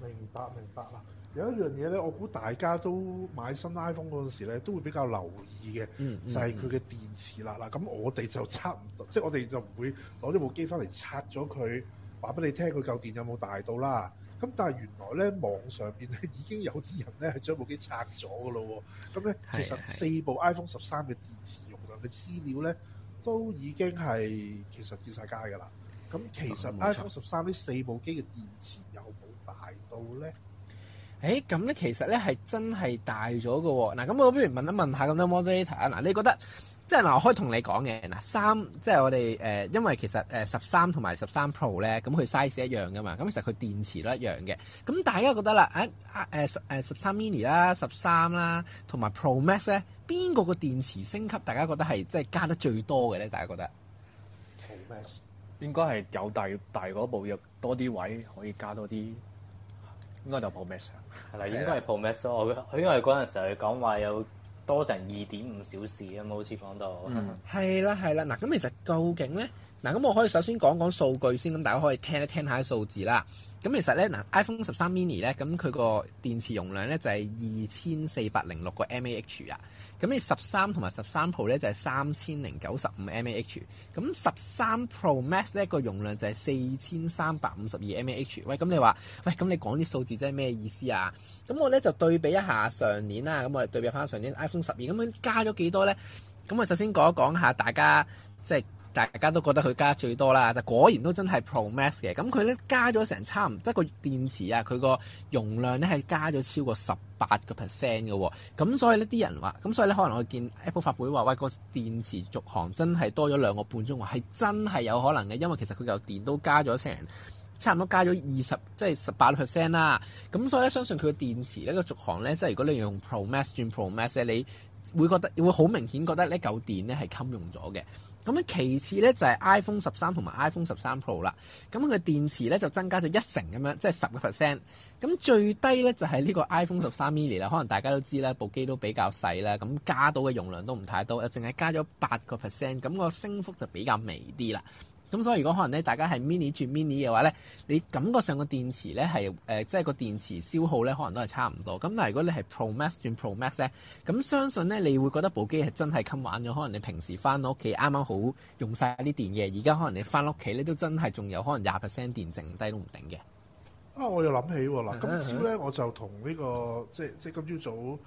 明白明白啦。有一樣嘢咧，我估大家都買新 iPhone 嗰陣時咧，都會比較留意嘅、嗯嗯，就係佢嘅電池啦。嗱，咁我哋就測唔到，即、就、係、是、我哋就唔會攞呢部機翻嚟拆咗佢，話俾你聽佢舊電有冇大到啦。咁但係原來咧，網上邊咧已經有啲人咧係將部機拆咗噶咯喎，咁咧其實四部 iPhone 十三嘅電池容量嘅資料咧都已經係其實跌晒街噶啦。咁其實 iPhone 十三呢四部機嘅電池有冇大到咧？誒、哎，咁咧其實咧係真係大咗噶喎。嗱，咁我不如問一問，問一下咁多 Moderator 啊，嗱，你覺得？即係嗱，我可以同你講嘅嗱，三即係我哋誒，因為其實誒十三同埋十三 Pro 咧，咁佢 size 一樣㗎嘛，咁其實佢電池都一樣嘅。咁大家覺得啦，誒誒誒十三 Mini 啦 13,、十三啦，同埋 Pro Max 咧，邊個個電池升級？大家覺得係即係加得最多嘅咧？大家覺得 Pro Max 應該係有大大嗰部入多啲位，可以加多啲，應該就 Pro Max 係啦，應該係 Pro Max 咯。我因為嗰陣時佢講話有。多成二點五小時咁啊，好似講到係啦係啦嗱，咁、嗯、其實究竟呢？嗱咁，我可以首先講講數據先咁，大家可以聽一聽下數字啦。咁其實呢嗱，iPhone 13 mini 呢，咁，佢個電池容量呢，就係二千四百零六個 mAh 啊。咁你十三同埋十三 Pro 咧就係三千零九十五 mAh，咁十三 Pro Max 咧個容量就係四千三百五十二 mAh。喂，咁你話，喂，咁你講啲數字真係咩意思啊？咁我咧就對比一下上年啦，咁我哋對比翻上年 iPhone 十二，咁樣加咗幾多咧？咁我首先講一講下大家即係。就是大家都覺得佢加最多啦，就果然都真係 Pro Max 嘅。咁佢咧加咗成差唔即係個電池啊，佢個容量咧係加咗超過十八個 percent 嘅。咁所以呢啲人話，咁所以咧可能我見 Apple 發佈會話喂個電池續航真係多咗兩個半鐘，係真係有可能嘅，因為其實佢嚿電都加咗成差唔多加咗二十即係十八 percent 啦。咁所以咧相信佢個電池呢個續航咧，即係如果你用 Pro Max 轉 Pro Max 咧，你會覺得會好明顯覺得呢嚿電咧係襟用咗嘅。咁其次咧就係 iPhone 十三同埋 iPhone 十三 Pro 啦。咁佢電池咧就增加咗一成咁樣，即係十個 percent。咁最低咧就係呢個 iPhone 十三 mini 啦。可能大家都知啦，部機都比較細啦，咁加到嘅容量都唔太多，淨係加咗八個 percent。咁個升幅就比較微啲啦。咁所以如果可能咧，大家係 mini 轉 mini 嘅話咧，你感覺上個電池咧係、呃、即係個電池消耗咧，可能都係差唔多。咁但係如果你係 Pro Max 轉 Pro Max 咧，咁相信咧，你會覺得部機係真係襟玩咗。可能你平時翻到屋企啱啱好用晒啲電嘅，而家可能你翻屋企咧都真係仲有可能廿 percent 電剩低都唔定嘅。啊！我又諗起嗱，今朝咧我就同呢、這個即係即今朝早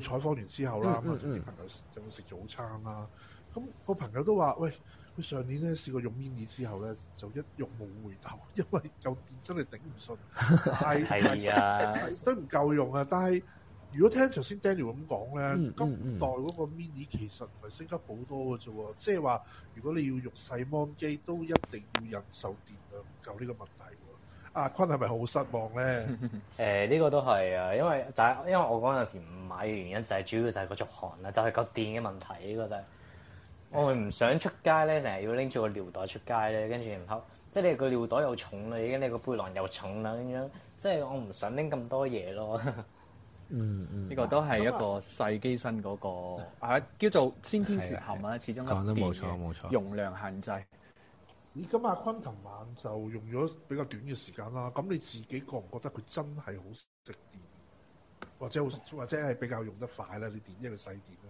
去採訪完之後啦，同、嗯、啲、嗯嗯、朋友就食早餐啦。咁個朋友都話：喂！佢上年咧試過用 mini 之後咧，就一用冇回頭，因為就電真係頂唔順，係係啊，都 *laughs* 唔夠用啊。但係如果聽頭先 Daniel 咁講咧，今代嗰個 mini 其實唔係升級好多嘅啫喎，即係話如果你要用細芒機，都一定要忍受電量唔夠呢個問題喎。阿、啊、坤係咪好失望咧？誒、呃，呢、這個都係啊，因為就係、是、因為我嗰陣時唔買嘅原因就係、是、主要就係個續航啊，就係、是、個電嘅問題呢、這個就係、是。我唔想出街咧，成日要拎住個尿袋出街咧，跟住然後，即係你個尿袋又重啦，已經你個背囊又重啦，咁樣，即係我唔想拎咁多嘢咯。嗯嗯，呢、這個都係一個細機身嗰、那個、啊，叫做先天缺陷啊，始終講得冇錯冇錯，容量限制。咦？咁阿昆琴晚就用咗比較短嘅時間啦。咁你自己覺唔覺得佢真係好食電，或者或者係比較用得快啦，你電一個細電啊？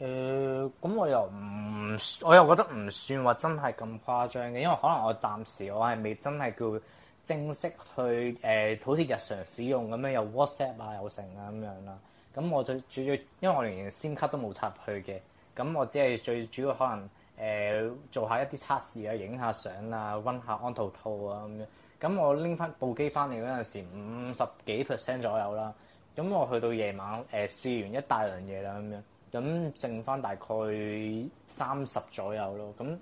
誒、呃、咁我又唔，我又覺得唔算話真係咁誇張嘅，因為可能我暫時我係未真係叫正式去誒、呃，好似日常使用咁樣有 WhatsApp 啊，有成啊咁樣啦。咁我最主要，因為我連 SIM 卡都冇插入去嘅，咁我只係最主要可能誒、呃、做下一啲測試啊，影下相啊，玩下安兔兔啊咁樣。咁我拎翻部機翻嚟嗰陣時，五十幾 percent 左右啦。咁我去到夜晚誒、呃、試完一大輪嘢啦，咁咁剩翻大概三十左右咯，咁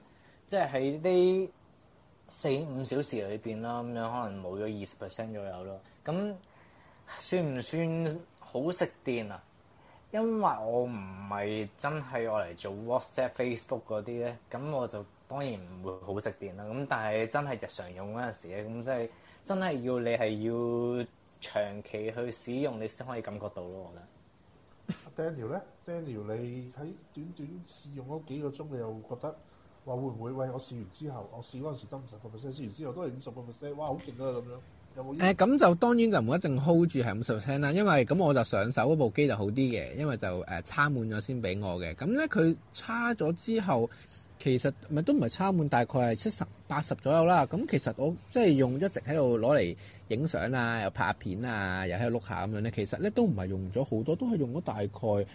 即係喺呢四五小時裏邊啦，咁樣可能冇咗二十 percent 左右咯。咁算唔算好食電啊？因為我唔係真係愛嚟做 WhatsApp Facebook、Facebook 嗰啲咧，咁我就當然唔會好食電啦。咁但係真係日常用嗰陣時咧，咁即係真係要你係要長期去使用，你先可以感覺到咯。我覺得。Daniel 咧，Daniel 你喺短短試用嗰幾個鐘，你又覺得話會唔會？喂，我試完之後，我試嗰陣時得五十個 percent，試完之後都係五十個 percent，哇，好勁啊！咁、呃、樣！有冇？誒，咁就當然就唔會一定 hold 住係五十 percent 啦，因為咁我就上手嗰部機就好啲嘅，因為就誒差、呃、滿咗先俾我嘅。咁咧，佢差咗之後。其實咪都唔係差滿，大概係七十八十左右啦。咁其實我即係用一直喺度攞嚟影相啊，又拍片啊，又喺度碌下咁樣咧。其實咧都唔係用咗好多，都係用咗大概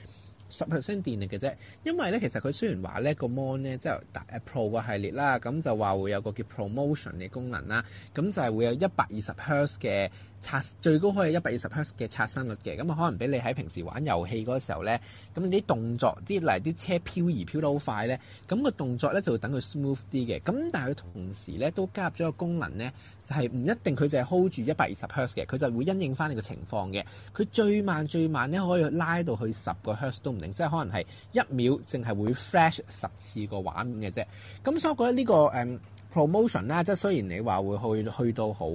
十 percent 電力嘅啫。因為咧，其實佢雖然話咧個 mon 咧即係 Pro 嘅系列啦，咁就話會有個叫 ProMotion 嘅功能啦，咁就係會有一百二十 Hertz 嘅。刷最高可以一百二十赫嘅刷新率嘅，咁啊可能畀你喺平時玩遊戲嗰時候咧，咁啲動作，啲嚟啲車漂移漂得好快咧，咁、那個動作咧就會等佢 smooth 啲嘅。咁但係佢同時咧都加入咗個功能咧，就係、是、唔一定佢淨係 hold 住一百二十赫嘅，佢就會因應翻你個情況嘅。佢最慢最慢咧可以拉到去十個赫都唔定，即係可能係一秒淨係會 flash 十次個畫面嘅啫。咁所以我覺得呢、這個誒、嗯、promotion 啦，即係雖然你話會去去到好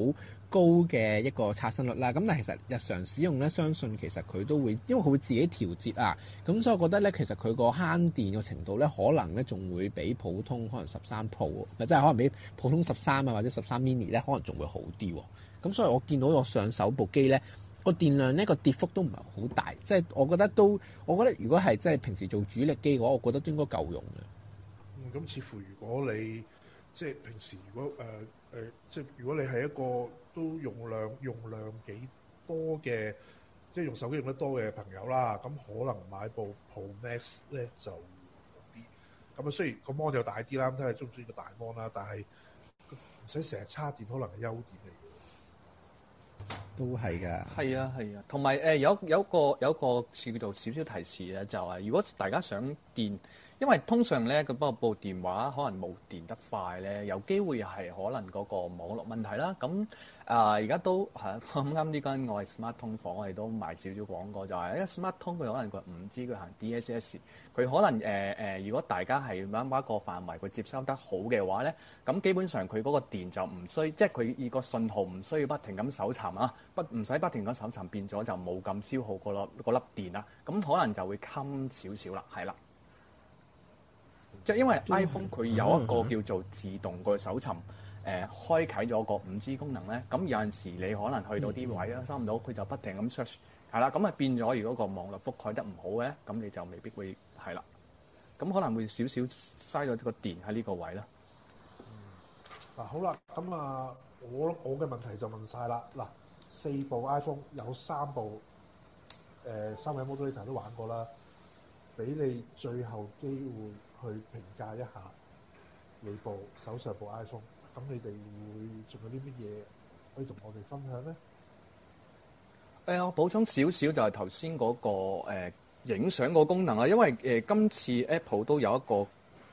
高嘅一個刷新率啦，咁但係其實日常使用咧，相信其實佢都會，因為佢會自己調節啊，咁所以我覺得咧，其實佢個慳電嘅程度咧，可能咧仲會比普通可能十三 Pro 即係可能比普通十三啊或者十三 Mini 咧，可能仲會好啲喎。咁所以我見到我上手部機咧，個電量呢個跌幅都唔係好大，即係我覺得都，我覺得如果係即係平時做主力機嘅話，我覺得都應該夠用嘅。嗯，咁似乎如果你即係平時如果誒誒，即係如果你係一個。都用量用量幾多嘅，即係用手機用得多嘅朋友啦，咁可能買部 Pro Max 咧就好啲。咁啊，雖然個 mon 就大啲啦，睇下中唔中意個大 mon 啦，但係唔使成日叉電，可能係優點嚟嘅。都係㗎。係啊，係啊，同埋誒有有，有個有個叫做少少提示咧，就係、是、如果大家想電。因為通常咧，佢不過部電話可能冇電得快咧，有機會係可能嗰個網絡問題啦。咁啊，而家都啱啱呢間我 Smart 通房，我哋都賣少少廣告，就係因為 Smart 通佢可能佢唔知佢行 DSS，佢可能誒、呃、如果大家係某一個範圍佢接收得好嘅話咧，咁基本上佢嗰個電就唔需，即係佢以個信號唔需要不停咁搜尋啊，不唔使不，不停咁搜尋，變咗就冇咁消耗個粒粒電啦。咁可能就會襟少少啦，係啦。即係因為 iPhone 佢有一個叫做自動個搜尋，誒、嗯嗯嗯呃、開啓咗個五 G 功能咧，咁有陣時你可能去到啲位咧收唔到，佢就不停咁 search 係啦，咁啊變咗如果個網絡覆蓋得唔好咧，咁你就未必會係啦，咁可能會少少嘥咗個電喺呢個位啦。嗱、嗯啊、好啦，咁啊我我嘅問題就問晒啦。嗱，四部 iPhone 有三部誒、呃、三位 model 都玩過啦，俾你最後機會。去評價一下你部手上部 iPhone，咁你哋會仲有啲乜嘢可以同我哋分享咧？誒、呃，我補充少少就係頭先嗰個影相個功能啊。因為誒、呃、今次 Apple 都有一個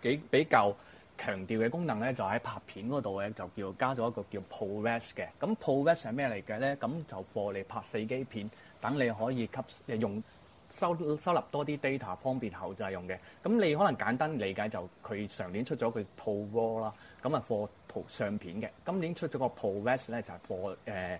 幾比較強調嘅功能咧，就喺、是、拍片嗰度咧，就叫加咗一個叫 ProRes 嘅。咁 ProRes 係咩嚟嘅咧？咁就幫你拍四 K 片，等你可以吸用。收收納多啲 data 方便後製用嘅。咁你可能簡單理解就佢、是、上年出咗佢 Pro Raw 啦，咁啊貨圖相片嘅，今年出咗個 Pro Res 咧就係貨、呃、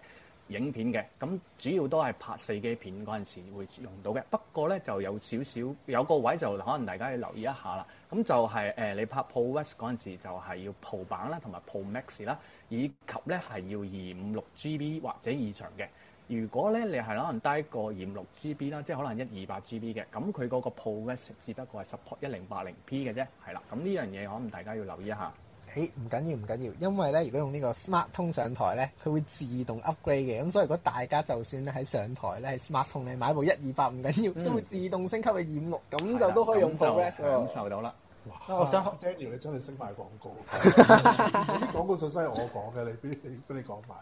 影片嘅，咁主要都係拍四 K 片嗰陣時會用到嘅。不過咧就有少少有個位就可能大家要留意一下啦，咁就係、是呃、你拍 Pro Res 嗰陣時就係要 Pro 版啦，同埋 Pro Max 啦，以及咧係要二五六 GB 或者以上嘅。如果咧你係可能低過二五六 GB 啦，即係可能一二八 GB 嘅，咁佢嗰個 ProRes 只不過係 support 一零八零 P 嘅啫，係啦。咁呢樣嘢可能大家要留意一下。誒唔緊要唔緊要，因為咧如果用呢個 SmarTone 上台咧，佢會自動 upgrade 嘅。咁所以如果大家就算喺上台咧 SmarTone 你買一部一二八，唔緊要都會自動升級去二五六，咁就都可以用 ProRes。感、嗯、受到啦。我想聽完你將佢升翻廣告。 *laughs* 廣告信息係我講嘅，你俾你俾你，你講埋。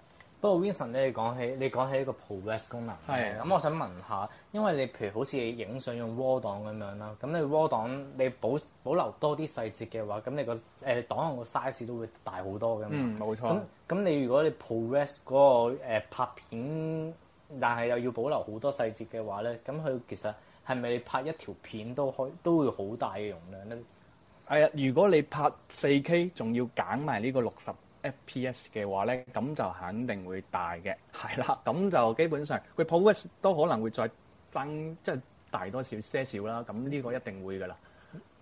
不過 Vincent，你哋講起你講起呢個 ProRes 功能，咁我想問下，因為你譬如好似影相用 raw 檔咁樣啦，咁你 raw 檔你保保留多啲細節嘅話，咁你個、呃、檔案個 size 都會大好多嘅嘛。嗯、冇錯。咁咁你如果你 ProRes 嗰個、呃、拍片，但係又要保留好多細節嘅話咧，咁佢其實係咪你拍一條片都可都會好大嘅容量咧？係啊，如果你拍 4K，仲要揀埋呢個六十 FPS 嘅話咧，咁就肯定會大嘅，係啦。咁就基本上佢 progress 都可能會再增，即、就、係、是、大多少些少啦。咁呢個一定會噶啦。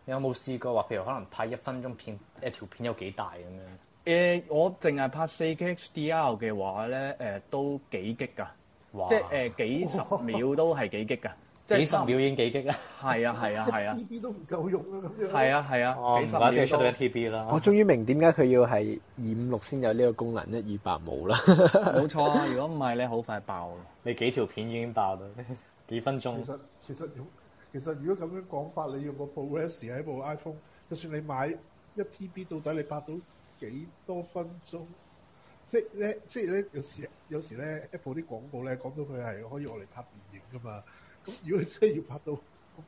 你有冇試過話，譬如可能拍一分鐘片，一條片有幾大咁樣？誒、呃，我淨係拍 4K HDR 嘅話咧，誒、呃、都幾激噶，即係誒、呃、幾十秒都係幾激噶。 *laughs* 幾十秒已經幾激啦！係啊，係啊，係啊，啊！一 TB 都唔夠用啊，咁樣。係啊，係啊，幾十秒即係出到一 TB 啦。我終於明點解佢要係二五六先有呢個功能，一二八冇啦。冇 *laughs* 錯啊！如果唔係咧，好快爆咯。你幾條片已經爆啦，幾分鐘？其實其實其實，如果咁樣講法，你用個 ProRes 喺部 iPhone，就算你買一 TB，到底你拍到幾多分鐘？即係咧，即係咧，有時有時咧，Apple 啲廣告咧講到佢係可以用嚟拍電影噶嘛。如果真係要拍到咁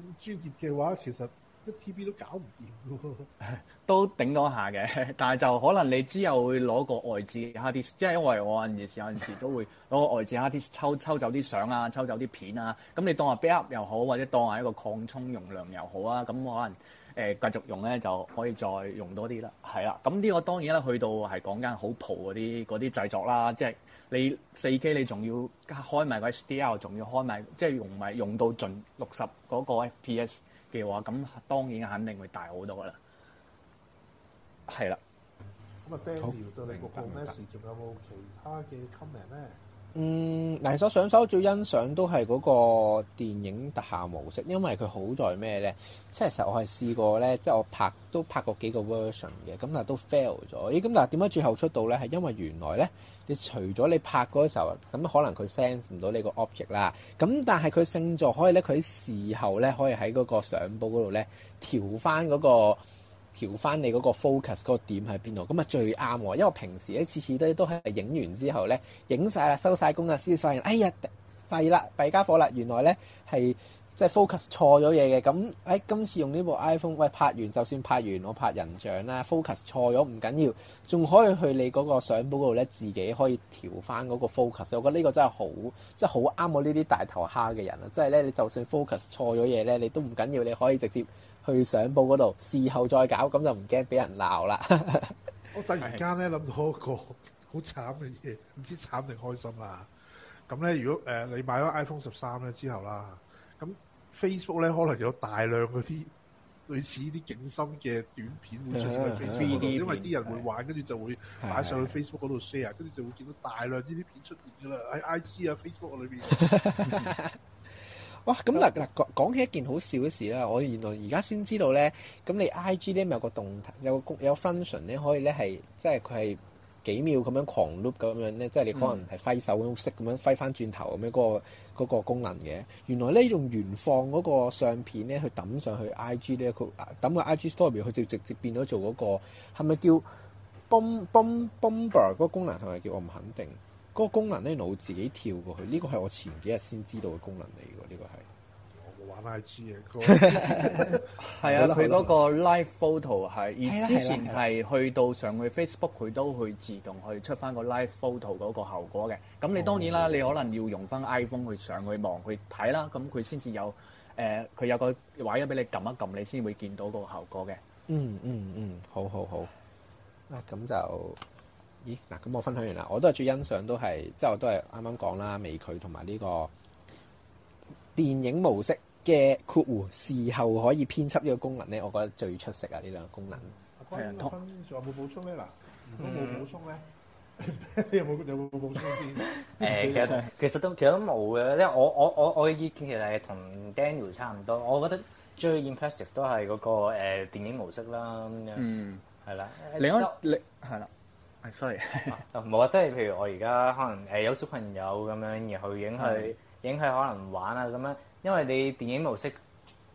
咁專業嘅話，其實一 TB 都搞唔掂喎。都頂多一下嘅，但係就可能你之後會攞個外置 hard disk，即係因為我有陣時都會攞個外置 hard disk 抽抽走啲相啊，抽走啲片啊。咁你當係 backup 又好，或者當係一個擴充容量又好啊。咁我可能。誒、呃、繼續用呢，就可以再用多啲啦。係啦，咁呢個當然啦，去到係講緊好蒲嗰啲嗰啲製作啦，即係你 4K，你仲要開埋個 HDR 仲要開埋，即係用埋用到盡六十嗰個 FPS 嘅話，咁當然肯定會大多好多啦。係啦。咁啊，Daniel 你個 project 仲有冇其他嘅 comment 咧？嗯，嗱，所上手最欣賞都係嗰個電影特效模式，因為佢好在咩呢？即係其實我係試過呢，即係我拍都拍過幾個 version 嘅，咁但都 fail 咗。咦，咁但係點解最後出到呢？係因為原來呢，你除咗你拍嗰時候，咁可能佢 sense 唔到你個 object 啦。咁但係佢勝在可以呢，佢事後呢，可以喺嗰個相簿嗰度呢調翻嗰、嗰個。調翻你嗰個 focus 嗰個點喺邊度，咁啊最啱喎！因為我平時咧次次都都係影完之後咧，影晒啦收晒工啦，先發現哎呀廢啦弊家伙啦！原來咧係即係 focus 錯咗嘢嘅。咁誒、哎、今次用呢部 iPhone，喂拍完就算拍完，我拍人像啦，focus 錯咗唔緊要，仲可以去你嗰個相簿嗰度咧，自己可以調翻嗰個 focus。我覺得呢個真係好，真係好啱我呢啲大頭蝦嘅人啊！即係咧，你就算 focus 錯咗嘢咧，你都唔緊要，你可以直接。去上報嗰度，事後再搞，咁就唔驚俾人鬧啦。 *laughs* 我突然間咧諗到一個好慘嘅嘢，唔知慘定開心啦、啊。咁咧，如果誒你、呃、你買咗 iPhone 十三咧之後啦，咁 Facebook 咧可能有大量嗰啲類似呢啲景深嘅短片會出現喺 Facebook，因為啲人會玩，跟住就會擺上去 Facebook 嗰度 share，跟住就會見到大量呢啲片出現㗎啦。喺 IG 啊，Facebook 嗰、啊、度 *laughs* *laughs* 哇！咁嗱嗱講講起一件好笑嘅事啦，我原來而家先知道咧。咁你 I G 咧咪有個動態有個功有 function 咧，可以咧係即係佢係幾秒咁樣狂 loop 咁樣咧，即係你可能係揮手式咁樣,樣揮翻轉頭咁樣嗰個嗰、嗰個、功能嘅。原來咧用原放嗰個相片咧去抌上去 I G 呢一個啊抌個 I G story 佢就直接變咗做嗰個係係咪叫 boom boom bomber 嗰個功能係咪叫我唔肯定？嗰、嗰個、功能咧我自己跳過去，呢、呢個係我前幾日先知道嘅功能嚟嘅呢個。係 *laughs* *laughs* *laughs* 啊，佢嗰個 live photo 係， *laughs* 而之前係去到上去 Facebook，佢都會自動去出翻個 live photo 嗰個效果嘅。咁你當然啦、哦，你可能要用翻 iPhone 去上去望去睇啦，咁佢先至有誒，佢、呃、有個話音俾你撳一撳，你先會見到個效果嘅。嗯嗯嗯，好好好。啊，咁就，咦嗱，咁我分享完啦，我都係最欣賞，都係即係我都係啱啱講啦，微距同埋呢個電影模式。嘅括弧事後可以編輯呢個功能咧，我覺得最出色啊！呢兩個功能。阿關先仲有冇補充咩嗱、mm. *laughs* 有冇補充咧？有冇有冇補充先？誒，其實其實都其實都冇嘅，因為我我我我嘅意見其實係同 Daniel 差唔多。我覺得最 impressive 都係嗰、那個誒、呃、電影模式啦。咁樣嗯，係啦。你可你係啦。係 sorry，冇好啊！即係、就是、譬如我而家可能誒、呃、有小朋友咁樣而去影佢影佢可能唔玩啊咁樣。因為你電影模式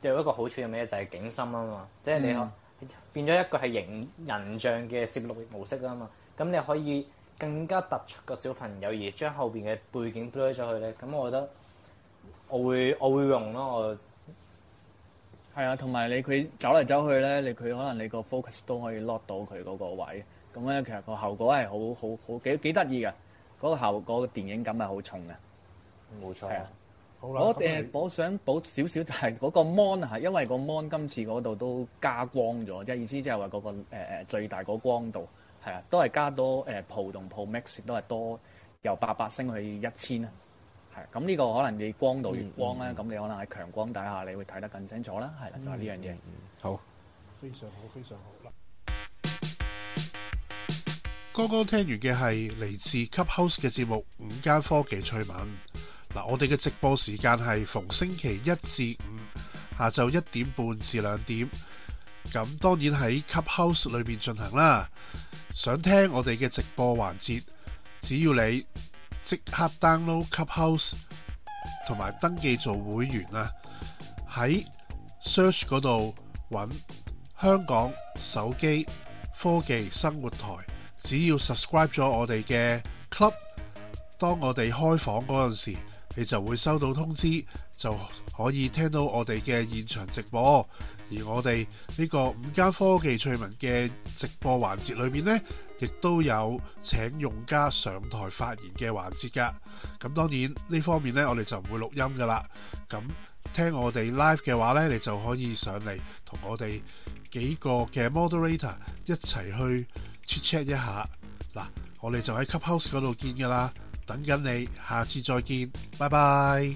有一個好處係咩？就係景深啊嘛，嗯、即係你變咗一個係人人像嘅攝錄模式啊嘛，咁你可以更加突出個小朋友而將後面嘅背景 blur 咗佢咧。咁我覺得我會我會用咯，我係啊，同埋你佢走嚟走去咧，你佢可能你個 focus 都可以 lock 到佢嗰個位，咁咧其實個效果係好好好幾幾得意嘅，嗰、嗰個效果，個電影感係好重嘅，冇錯。我哋，我想補少少，就係嗰個 mon 啊，因為個 mon 今次嗰度都加光咗，即係意思即係話嗰個誒、呃、最大嗰光度係啊，都係加多誒、呃、Pro 同 Pro Max 都係多由八百升去一千啊，係咁呢個可能你光度越光咧，咁、嗯嗯、你可能喺強光底下，你會睇得更清楚啦，係啦、嗯，就係呢樣嘢，好，非常好，非常好啦。剛剛聽完嘅係嚟自 Cup House 嘅節目《五家科技趣聞》。嗱，我哋嘅直播時間係逢星期一至五下晝一點半至兩點。咁當然喺 Clubhouse 裏面進行啦。想聽我哋嘅直播環節，只要你即刻 download Clubhouse 同埋登記做會員啊。喺 search 嗰度揾香港手機科技生活台，只要 subscribe 咗我哋嘅 club，當我哋開房嗰陣時候。你就會收到通知，就可以聽到我哋嘅現場直播。而我哋呢個五家科技趣聞嘅直播環節裏面呢，亦都有請用家上台發言嘅環節噶。咁當然呢方面呢，我哋就唔會錄音噶啦。咁聽我哋 live 嘅話呢，你就可以上嚟同我哋幾個嘅 moderator 一齊去 check check 一下。嗱，我哋就喺 Clubhouse 嗰度見噶啦。等緊你，下次再見，拜拜。